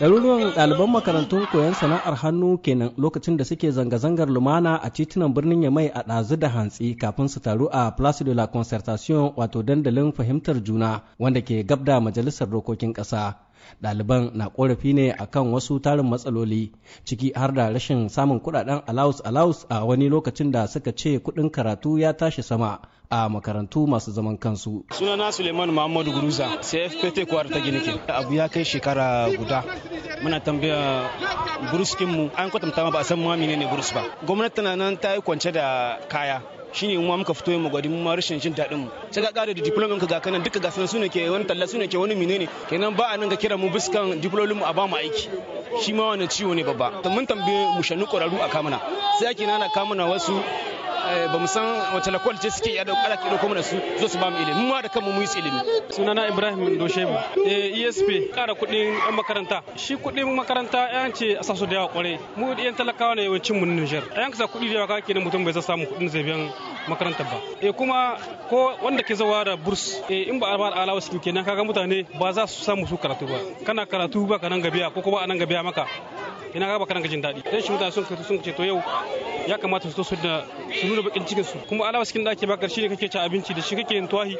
Ɗaruruwan ɗaliban makarantun koyon sana'ar hannu kenan lokacin da suke zanga-zangar lumana a titunan birnin Yamai a ɗazu da hantsi kafin su taru a Place de la Concertation wato dandalin fahimtar juna wanda ke gabda majalisar dokokin ƙasa. ɗaliban na ƙorafi ne akan wasu tarin matsaloli ciki har da rashin samun kuɗaɗen alaus-alaus a wani lokacin da suka ce kuɗin karatu ya tashi sama a makarantu masu zaman kansu. Sunana Suleiman Muhammadu Guruza, CFPT Kwarta ta ke. Abu ya kai shekara guda muna tambaya buruskin mu an kwatanta ma ba a san ma menene burus ba gwamnati na nan ta yi kwance da kaya shine mu muka fito mu gwadi mu ma rashin jin daɗin mu sai ka ƙara da diploma ka ga kanan duka ga sanan ne ke wani talla ne ke wani menene kenan ba a nan ga kira mu biskan diplomin mu a ba mu aiki shi ma wani ciwo ne babba mun tambaye mu shanu ƙwararru a kamuna sai ake nana kamuna wasu Eh, ba mu san wace na ce suke yada kara ki kuma da su zo su ba mu ilimi mu da kanmu mu yi ilimi sunana Ibrahim Doshebu eh ESP kara kudin yan makaranta shi kudin makaranta yan ce a sasu da yawa kwarai mu yan talakawa ne yawancin mu Niger yan kasa kudi da yawa ne mutum bai sa samu kudin zai biyan makaranta ba eh kuma ko wanda ke zawa da burs eh in ba a ba allowance kenan kaga mutane ba za su samu su karatu ba kana karatu ba ka nan gabiya ko kuma a gabiya maka ina ga bakaran jin daɗi dan shi mutane sun kai sun ce to yau ya kamata su to su da su nuna bakin cikin su kuma alama cikin da ake bakar shi ne kake ci abinci da shi kake yin tuwahi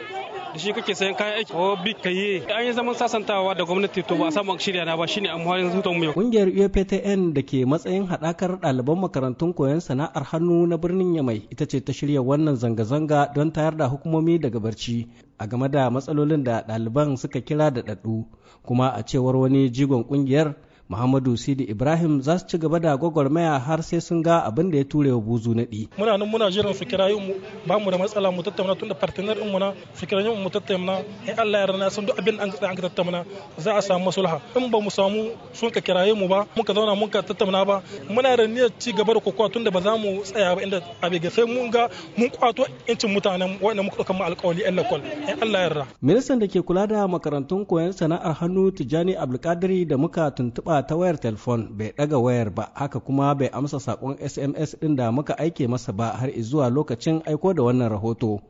da shi kake sayan kayan aiki ko big kaye an yi zaman sasantawa da gwamnati to ba a samu shirya na ba shine an muhalin hutun mu kungiyar UPTN da ke matsayin hadakar ɗaliban makarantun koyon sana'ar hannu na birnin Yamai ita ce ta shirya wannan zanga-zanga don tayar da hukumomi daga barci a game da matsalolin da ɗaliban suka kira da ɗaɗɗu kuma a cewar wani jigon kungiyar Muhammadu Sidi Ibrahim za su ci gaba da gwagwarmaya har sai sun ga abin da ya ture wa buzu naɗi. Muna nan muna jiran su kirayi mu ba mu da matsala mu tattauna tun da partner mu na su kirayi mu tattauna in Allah ya rana san duk abin an ka tattauna za a samu sulha in ba mu samu sun ka kiraye mu ba muka zauna mun ka tattauna ba muna da niyyar ci gaba da kokowa tun da ba za mu tsaya ba inda abin sai mun ga mun kwato incin mutanen wanda muka ɗauka mu alƙawari ɗan lakol in Allah ya rana. Ministan da ke kula da makarantun koyon sana'ar hannu Tijjani Abdulkadir da muka tuntuɓa tuntuɓa ta wayar telefon bai ɗaga wayar ba haka kuma bai amsa saƙon SMS ɗin da muka aike masa ba har zuwa lokacin aiko da wannan rahoto.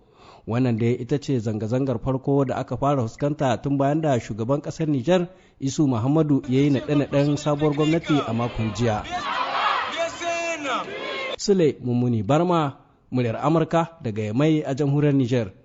Wannan dai ita ce zanga-zangar farko da aka fara fuskanta tun bayan da shugaban ƙasar Nijar Isu Muhammadu ya yi naɗe-naɗen sabuwar gwamnati a makon jiya. Sule Mummuni Barma, muryar Amurka daga Yamai a jamhuriyar Nijar.